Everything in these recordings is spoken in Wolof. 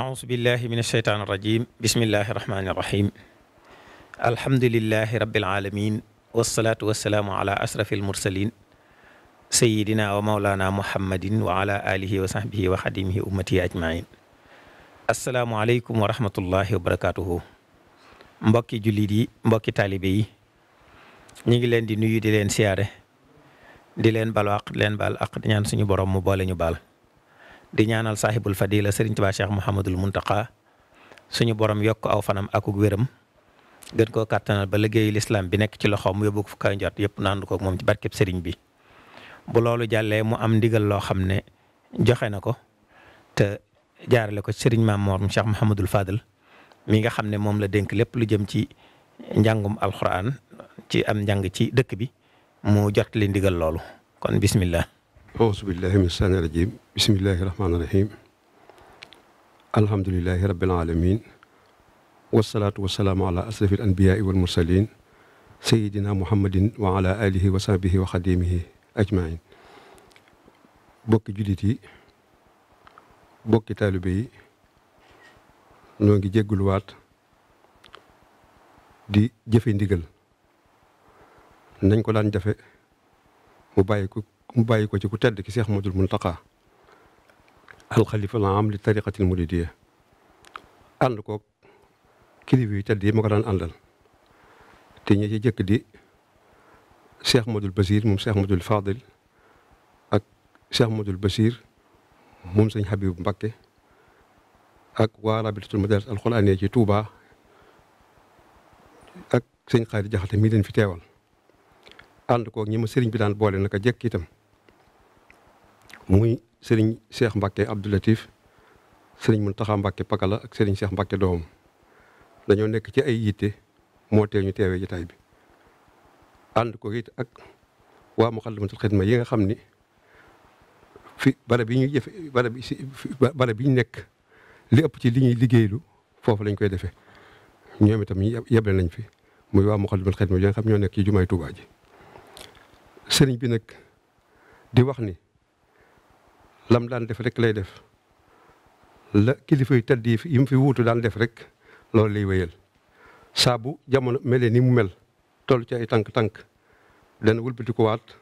أعوذ بالله من الشيطان الرجيم بسم الله الرحمن الرحيم الحمد لله رب العالمين والصلاة والسلام على أشرف المرسلين سيدنا ومولانا محمد وعلى آله وصحبه وخديمه أمتي أجمعين السلام عليكم ورحمة الله وبركاته mbokki jullit yi mbokki taalibe yi ñu ngi leen di nuyu di leen siyaare di leen baal wax di leen baal ak di ñaan suñu borom mu boole ñu baal di ñaanal saaxibul fadila sëriñ Tuubaa Cheikh Mouhamadul Muntaqa suñu borom yokk aw fanam akuk wéram gën koo kàttanal ba liggéeyu lislaam bi nekk ci loxoom mu yóbbu ko fu kaw njort yëpp naandu ko moom ci barkeb sëriñ bi. bu loolu jàllee mu am ndigal loo xam ne joxe na ko te jaarale ko sëriñ maam Mor Cheikh Mouhamadul fadal mi nga xam ne moom la dénk lépp lu jëm ci njàngum alxuraan ci am njàng ci dëkk bi mu jot li ndigal loolu kon bismillah. auzu billahi min sani rajim bismillahi rahmaani rahim alhamdulilahi rabbil alamin wasalaatu wasalaamu ala asrafi al anbiyaai wal mursalin sayidina muhammadin wa ala alihi wa bokki jullit yi bokki taalibe yi noo di jëfe ndigal nañ ko daan jafe mu bàyyi ko mu bàyyi ko ci ku tedd ki Cheikh Modou Mountakha alxalifa la am li tariqatil di ànd koog kilifa yu tedd yi ma ko daan àndal te ñi ci jëkk di Cheikh Modou Basir moom Cheikh Modou Fadil ak Cheikh Modou Basir moom sëñ Habib Mbakke ak waa rabitatul madaaris alxuraaniyya ci tuuba ak sëñ Xaari Jaxate mii dan fi teewal ànd koog ñi ma sëriñ bi daan boole naka jëkk itam muy sëriñ Cheikh Mbacke Abdou Latif sëriñ Mountakha Mbacke Pakala ak sëriñ Cheikh Mbacke doom dañoo nekk ci ay yitte moo ñu teewee jotaay bi ànd ko it ak waa Moukhaddamatoul Khidma yi nga xam ni fi barab yi ñuy jëfe barab ñu nekk li ëpp ci li ñuy liggéeylu foofu lañ koy defe ñoom itam yeble nañ fi muy waa Moukhaddamatoul Khidma yi nga xam ñoo nekk ci jumaay Tuubaa ji bi nag di wax ni lam daan def rek lay def la kilifa yu tedd yi mu fi wuutu daan def rek loolu lay wéyal saabu jamono mele nii mu mel toll ci ay tànk-tànk dana wëlbati ko waat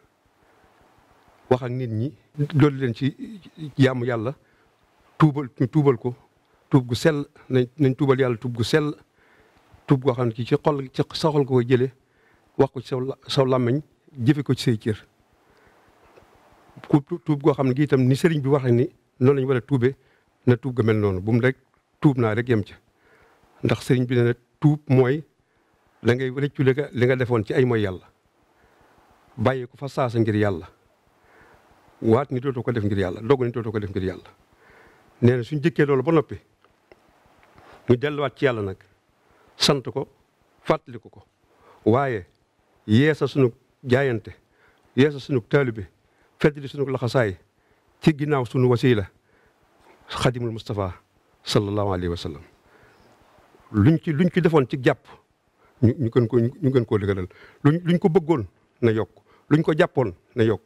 wax ak nit ñi dool leen ci jaamu yàlla tuubal tuubal ko tuub gu sell nañ nañ tuubal yàlla tuub gu sell tuub goo xam ne ci ci xol ci sa xol ko koy jëlee wax ko ci saw saw làmmiñ jëfe ko ci say cër ku tuub goo xam ne gi tam ni sëriñ bi waxee ni noonu la ñu war a tuube na tuub ga mel noonu bu mu rek tuub naa rek yem ca ndax sëriñ bi ne na tuub mooy da ngay rëccu li nga li nga defoon ci ay mooy yàlla bàyyi ko fa saasa ngir yàlla waat ni dootu ko def ngir yàlla doog ni ko def ngir yàlla nee suñ jëkkee loolu ba noppi ñu delluwaat ci yàlla nag sant ko fàttaliku ko ko waaye yeesa sunu jaayante yeesa sunu taalibe fel feddali sunu laxasaay ci ginnaaw sunu wasiila xadimul Moustapha sallallahu alayhi wa sallam luñ ci luñ ci defoon ci jàpp ñu ñu gën ko ñu gën koo dëgëral luñ ko bëggoon na yokk luñ ko jàppoon na yokk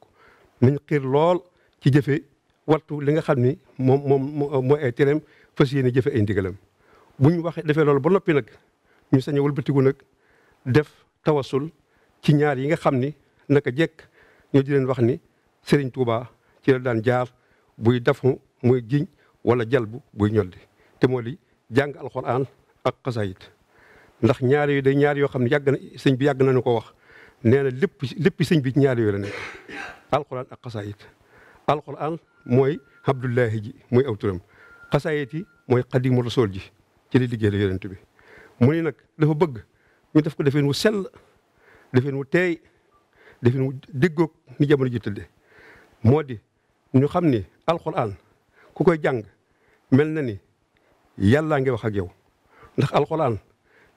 nañ xiir lool ci jëfe wattu li nga xam ni moom moom moo ay tereem fas yéene jëfe ay ndigalam buñ waxee defee loolu ba noppi nag ñu sañ a nag def tawasul ci ñaar yi nga xam ni a jekk ñoo di leen wax ni Serigne Touba ci la daan jaar buy defu muy jiñ wala jalbu buy ñolli te moo li jàng alxuraan ak xasaayit ndax ñaar yooyu day ñaar yoo xam ne yàgg na sëñ bi yàgg nañu ko wax nee na lépp lépp sëñ bi ci ñaar yooyu la nekk alxuraan ak xasaayit alxuraan mooy Abdullahi ji mooy aw turam xasaayit yi mooy xadimu rasool ji ci li liggéey la yonent bi mu ni nag dafa bëgg ñu def ko defeen wu sell defeen wu teey defeen wu déggoog ni jamono ji tëdde moo di ñu xam ni alxuraan ku koy jàng mel na ni yàllaa ngi wax ak yow ndax alxulaan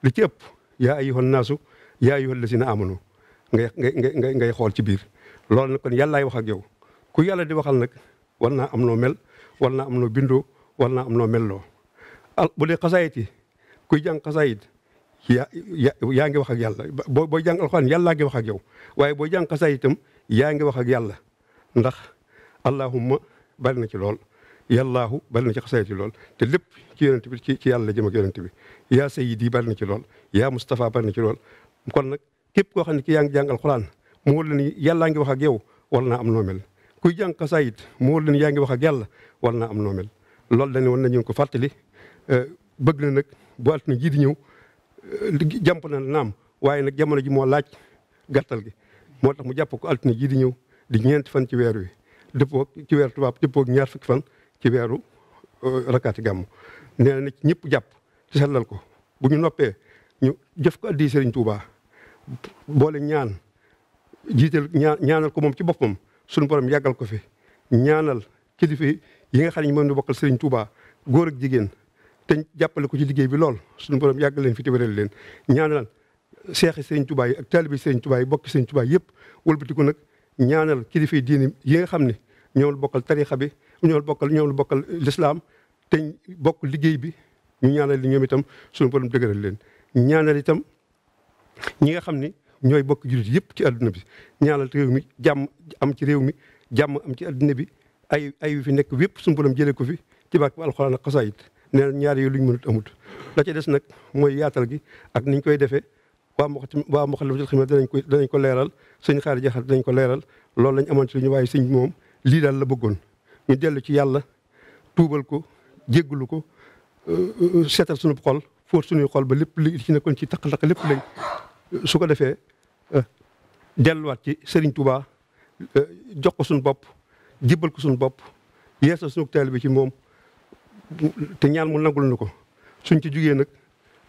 li ci ëpp yaa ayyuhan naasu yaa ayyuhal lazina amanu ngay ngay ngay ngay xool ci biir loolu nag kon yàllaay wax ak yow ku yàlla di waxal nag war naa am noo mel war naa am noo bindoo war naa am noo melloo al bu dee xasaayit yi kuy jàng xasaayit yaa yaa ngi wax ak yàlla boo booy jàng alxuraan yàllaa ngi wax ak yow waaye boo jàng xasaayit itam yaa ngi wax ak yàlla ndax allahumma bari na ci lool yàllaahu bari na ci xasaayit yi lool te lépp ci yonent bi ci ci yàlla jëm ak yonent bi yaa sayid yi bari na ci lool yaa Moustapha bari na ci lool kon nag képp koo xam ne ki yaa ngi jàngal xuraan mu wóor leen yàllaa ngi wax ak yow war naa am noo mel kuy jàng xasaayit mu wóor yaa ngi wax ak yàlla war naa am noo loolu dañu woon nañu ko fàttali euh, bëgg na nag bu altine jii di ñëw euh, jàmp na naam waaye nag jamono ji moo laaj gàttal gi moo tax mu jàpp ko altine jii di ñëw di ñeenti fan ci weeru wi dëppoo ci weer tubaab dëppoo ak ñaar fukki fan ci weeru euh, rakkaati gàmm neena na ñëpp jàpp ci sellal ko bu ñu noppee ñu jëf ko addi Serigne Touba boole ñaan jiital ñaanal ko moom ci boppam suñu borom yàggal ko fi ñaanal kilifa yi nga xam ne moom ñu bokkal Serigne tubaa góor ak jigéen te jàppale ko ci liggéey bi lool suñu borom yàggal leen fi tëbëral leen ñaanal seexi Serigne Touba yi ak taalibi Serigne Touba yi bokki Serigne yëpp wëlbatiku nag ñaanal kilifa diini yi nga xam ne ñoo bokkal tarixa bi ñoo bokkal ñoo bokkal lislaam te bokk liggéey bi ñu ñaanal ñoom itam suñu borom dëgëral leen. ñaanal itam ñi nga xam ni ñooy bokk jullit yëpp ci adduna bi ñaanal réew mi jàmm am ci réew mi jàmm am ci adduna bi ay ay fi nekk yëpp suñu borom jëlee ko fi ci barke alxuraan ak xasaayit nee na ñaari yooyu luñ mënut amut la ca des nag mooy yaatal gi ak niñ koy defee. waa ma waa ma xalifatul xidma danañ ko danañ ko leeral sëñ xaari jaxat danañ ko leeral loolu lañ amoon ci li ñu waaye sëñ moom lii daal la bëggoon ñu dellu ci yàlla tuubal ko jéggalu ko euh, euh, seetal suñu xol fóot suñuy xol ba lépp li ci nekkoon ci taq-taq lépp lañ euh, su ko defee delluwaat ci Serigne Touba jox ko suñu bopp jibbal ko suñu bopp yeesal suñu teel bi ci moom te ñaan mu nangul nu ko suñ ci jugee nag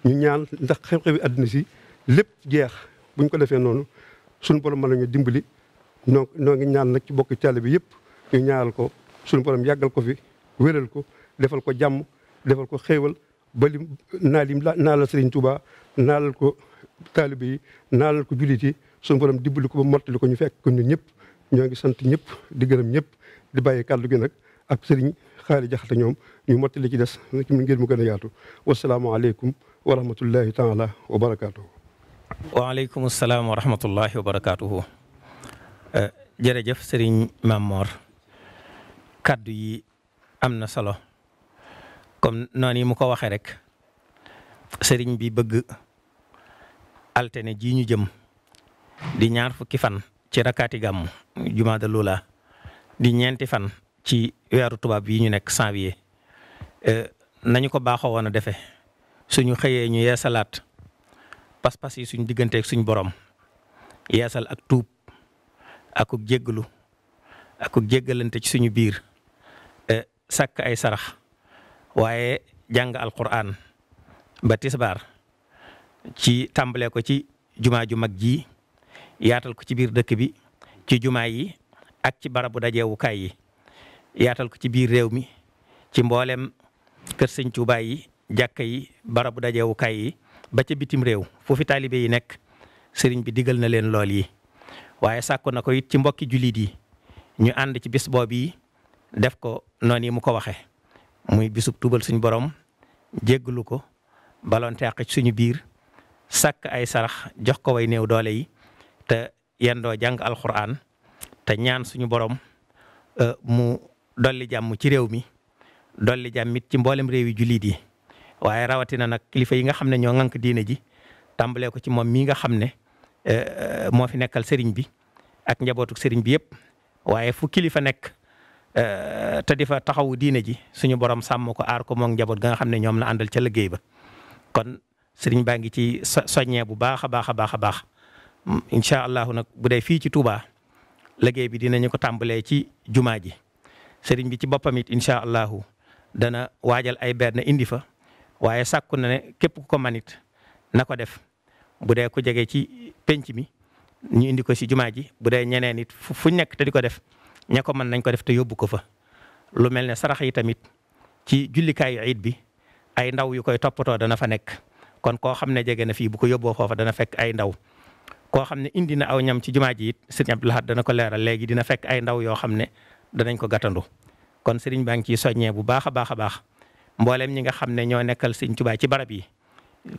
ñu ñaan ndax xew-xewi àddina si lépp jeex bu ñu ko defee noonu suñu borom mën nañu dimbali noo noo ngi ñaan nag ci bokki taalibe bi yëpp ñu ñaaral ko suñu borom yàggal ko fi wéral ko defal ko jàmm defal ko xéewal ba lim naa lim naalal Sëriñ Tuubaa naalal ko taalibe yi naalal ko jullit yi suñu borom dimbali ko mottali ko ñu fekk ko ñun ñëpp ñoo ngi sant ñëpp di gërëm ñëpp di bàyyi kàddu gi nag ak sëriñ xaali jaxate ñoom ñu mottali ci des ngir mu gën a yaatu wasalaamaaleykum wa rahmatullahi taala wa waaleykum salaam wa rahmatullahi wa barakaatuhu eh, jërëjëf sëriñ Mamor kàddu yi am na solo comme noonu yi mu ko waxee rek sëriñ bi bëgg altine ji ñu jëm di ñaar fukki fan ci rakkaati gàmm jumaada lula di ñeenti fan ci weeru tubaab yi ñu nekk janvier eh, nañu ko baaxoo woon a defee suñu xëyee ñu salaat pas-pas yi suñ digganteeg suñ borom yeesal ak tuub akuk jégglu akuk jéggalante ci suñu biir e, sàkk ay sarax waaye jàng alquran ba ci tàmbale ko ci jumaa ju mag ji yaatal ko ci biir dëkk bi ci jumaa yi ak ci barabu dajeewukaay yi yaatal ko ci biir réew mi ci mboolem kër sëñ Tuubaa yi jàkka yi barabu dajeewukaay yi ba ca bitim réew fu fi taalibe yi nekk sëriñ bi digal na leen lool yi waaye sàkku na ko it ci mbokki jullit yi ñu ànd ci bis boobu yi def ko noonu yi mu ko waxe muy bisub tubal suñu borom jégglu ko balonte ci suñu biir sakk ay sarax jox ko way néew doole yi te yendoo jàng alxuraan te ñaan suñu boroom euh, mu dolli jàmm ci réew mi dolli jàmm it ci mboolem réew jullit yi waaye rawatina nag kilifa yi nga xam ne ñoo ŋànk diina ji tàmbalee ko ci moom mii nga xam ne eh, eh, moo fi nekkal sëriñ bi ak njabootu sëriñ bi yëpp waaye fu kilifa nekk eh, te di fa taxawu diine ji suñu borom sàmm ko aar ko moom njaboot ga nga xam ne ñoom la àndal ca liggéey ba kon sëriñ baa ngi ci soññee bu baax a baax a baax a baax incha allahu nag bu dee fii ci Touba liggéey bi dinañu ko tàmbalee ci jumaa ji sëriñ bi ci boppam it incha allahu dana waajal ay benn indi fa. waaye sàkku na ne képp ku ko manit na ko def bu dee ku jege ci penc mi ñu indi ko si jumaa ji bu dee ñeneen it fu nekk te di ko def ña ko mën nañ ko def te yóbbu ko fa lu mel ne sarax yi tamit ci jullikaayu iid bi ay ndaw yu koy toppatoo dana fa nekk kon koo xam ne jege na fii bu ko yóbboo foofa dana fekk ay ndaw koo xam ne indi na aw ñam ci jumaa ji it sëriñ Abdou dana ko leeral léegi dina fekk ay ndaw yoo xam ne danañ ko gàttandu kon sëriñ baa ngi ciy soññee bu baax a baax a baax mboolem ñi nga xam ne ñoo nekkal Sëñ Tuubaa ci barab yi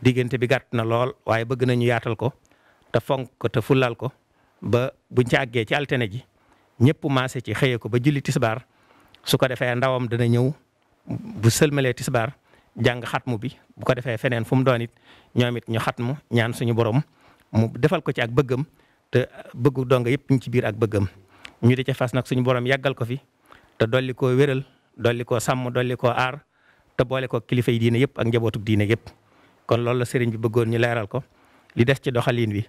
diggante bi gàtt na lool waaye bëgg nañu yaatal ko te fonk ko te fulal ko ba bu ci àggee ci altine ji ñëpp maase ci xëye ko ba julli tisbaar su ko defee ndawam dana ñëw bu sëlmalee tisbaar jàng xatmu bi bu ko defee feneen fu mu doon it ñoom it ñu xatmu ñaan suñu borom mu defal ko ci ak bëggam te bëggu donga yëpp ñu ci biir ak bëggam ñu de ca fas nag suñu borom yàggal ko fi te dolli ko wéral dolli sàmm dolli koo te boole ko kilifa yi diine yëpp ak njabootug diine yëpp kon loolu la sëriñ bi bëggoon ñu leeral ko li des ci doxaliin wi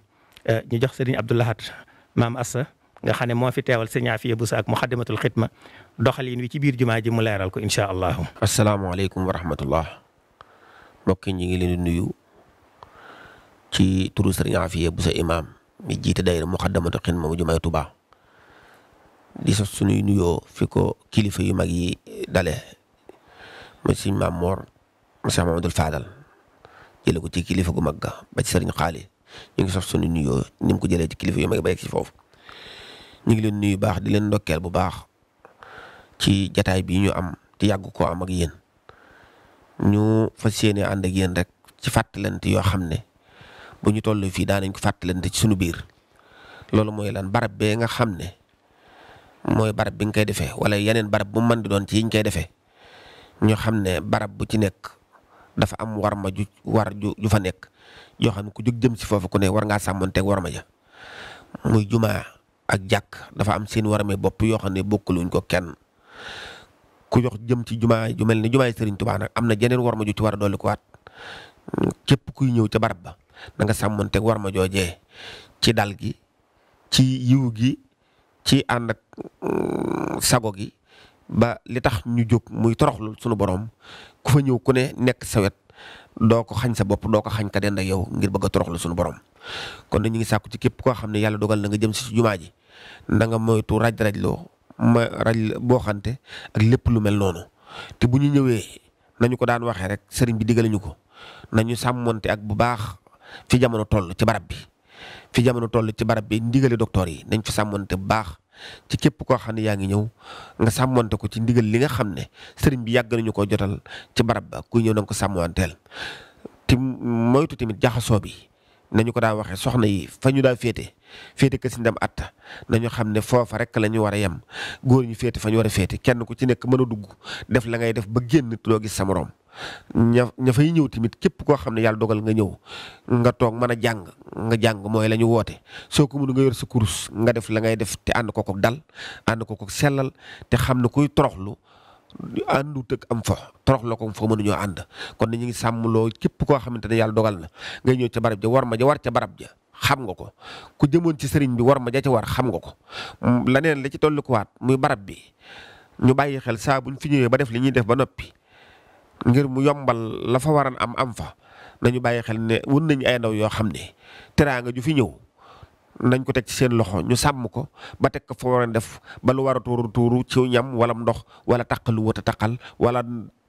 euh, ñu jox sëriñ Abdoulahat maam Assa nga xam ne moo fi teewal sëriñ Afiya Busa ak Muxaddamatul Xidma doxalin wi ci biir jumaa ji mu leeral ko incha allahu. asalaamaaleykum wa rahmatullah mbokk ñi ngi leen di nuyu ci turu sëriñ Afiya Busa imaam mi jiite daayira Muxaddamatul Xidma mu jumaay Tuubaa di sax sunuy nuyoo fi ko kilifa yu mag yi dale muy sëñ moo Mor mu Cheikh Mamadou Fadal jëlee ko ci kilifa gu mag ga ba ci sëriñ Xaali ñu ngi sof suñu nuyoo ni mu ko jëlee ci kilifa yu mag ba foofu ñu ngi leen nuyu baax di leen ndokkeel bu baax ci jataay bi ñu am te yàgg ko am ak yéen ñu fas yéene ànd ak yéen rek ci fàttalante yoo xam ne bu ñu toll fii daanañ ko fàttalante ci suñu biir loolu mooy lan barab bee nga xam ne mooy barab bi nga koy defee wala yeneen barab bu mën di doon ci yiñ koy defee ñoo xam ne barab bu ci nekk dafa am war ma ju war ju ju fa nekk yoo xam ne ku jóg jëm si foofu ku ne war ngaa sàmmanteeg war ma ja muy jumaa ak jàkk dafa am seen warme bopp yoo xam ne bokkuluñ ko kenn ku jox jëm ci jumaa ju mel ne jumaay Serigne Touba nag am na jeneen war ma ju ci war a dolli ko waat képp kuy ñëw ca barab ba na nga teg war ma joojee ci dal gi ci yiw gi ci ànd mm, sago gi ba li tax ñu jóg muy toroxlu sunu borom ku fa ñëw ku ne nekk sa wet doo ko xañ sa bopp doo ko xañ ka dend yow ngir bëgg a toroxlu sunu borom. kon ñu ngi sàkku ci képp koo xam ne yàlla dogal na nga jëm si jumaa ji na moytu raj raj loo ma raj boo xante ak lépp lu mel noonu te bu ñu ñëwee nañu ko daan waxee rek sëriñ bi digale ñu ko nañu sàmmonte ak bu baax fi jamono toll ci barab bi fi jamono toll ci barab bi ndigale docteur yi nañ fi sàmmonte bu baax. ci képp koo xam ne yaa ngi ñëw nga sàmmante ko ci ndigal li nga xam ne sëriñ bi yàgg nañu ko jotal ci barab ba kuy ñëw na nga ko sàmmanteel te moytu tamit jaxasoo bi nañu ko daa waxee soxna yi fa ñu daa féete féete kër si ndam atta nañu xam ne foofa rek la war a yem góor ñu féete fa ñu war a féete kenn ku ci nekk mën a dugg def la ngay def ba génn loo gis sama morom ña ña fay ñëw tamit képp koo xam ne yàlla dogal nga ñëw nga toog mën a jàng nga jàng mooy la ñu woote soo ko mënu nga yor sa kurus nga def la ngay def te ànd ko ko dal ànd ko ko sellal te xam ne kuy toroxlu àndu tëg am fo torox la ko fa mënuñoo ànd kon ñu ngi sàmmloo képp koo xamante ne yàlla dogal na ngay ñëw ca barab ja war ma ja war ca barab ja xam nga ko ku jëmoon ci sëriñ bi war ma ja ca war xam nga ko leneen la ci tolluwaat muy barab bi ñu bàyyi xel saa buñ fi ñëwee ba def li ñuy def ba noppi ngir mu yombal la fa waran am am fa nañu bàyyi xel ne wun nañu ay ndaw yoo xam ne teraanga ju fi ñëw nañ ko teg ci seen loxo ñu sàmm ko ba teg ko fa waran def ba lu war a tuuru tuuru ci ñam wala ndox wala taq lu wut a taqal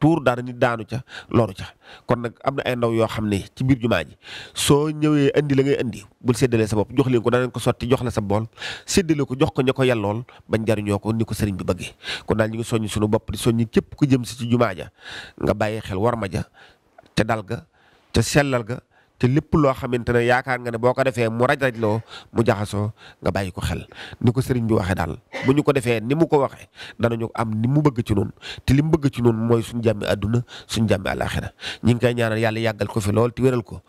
tuur dara nit daanu ca loolu ca kon nag am na ay ndaw yoo xam ne ci biir jumaa ji soo ñëwee indi la ngay indi bul séddalee sa bopp jox leen ko danañ ko sotti jox la sa bool séddale ko jox ko ña ko yellool bañ jariñoo ko ni ko sëriñ bi bëggee kon daal ñu ngi soññ suñu bopp di soññ képp ko jëm si ci jumaa ja nga bàyyi xel war ma ja te dal ga te sellal ga te lépp loo xamante ne yaakaar nga ne boo ko defee mu raj-raj loo mu jaxasoo nga bàyyi ko xel ni ko sëriñ bi waxee daal bu ñu ko defee ni mu ko waxee danañu am ni mu bëgg ci noonu te li mu bëgg ci noonu mooy suñu jàmmi àdduna suñu jàmmi àlaaxira ñi ngi koy ñaanal yàlla yàggal ko fi lool te wéral ko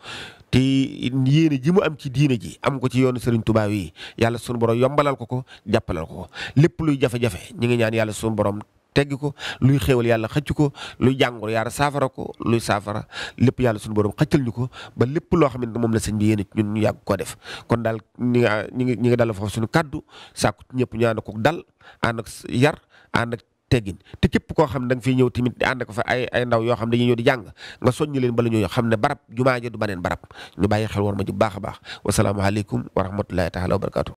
ti yéene ji mu am ci diine ji am ko ci yoonu Serigne Touba wi yàlla sunu borom yombalal ko ko jàppalal ko ko lépp luy jafe-jafe ñi ngi ñaan yàlla sunu borom teggi ko luy xéewal yàlla xëcc ko luy jàngoro yàlla saafara ko luy saafara lépp yàlla suñu borom xëccal ñu ko ba lépp loo xamante moom la sëñ bi yéen ñun ñu yàgg koo def kon daal ñi nga ñi ngi ñi ngi dal suñu kàddu sàkku ñëpp ñu ko dal ànd ak yar ànd ak teggin te képp koo xam ne da nga ñëw tamit di ànd ko fa ay ay ndaw yoo xam dañuy ñëw di jàng nga soññ leen bala ñuy xam ne barab jumaa ja du baneen barab ñu bàyyi xel war ma ju baax baax wasalaamaaleykum wa rahmatullahi taala wa barakaatu